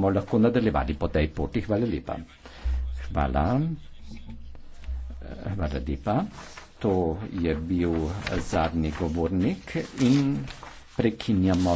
bomo lahko nadaljevali po tej poti. Hvala lepa. Hvala. Hvala lepa. To je bil zadnji govornik in prekinjamo.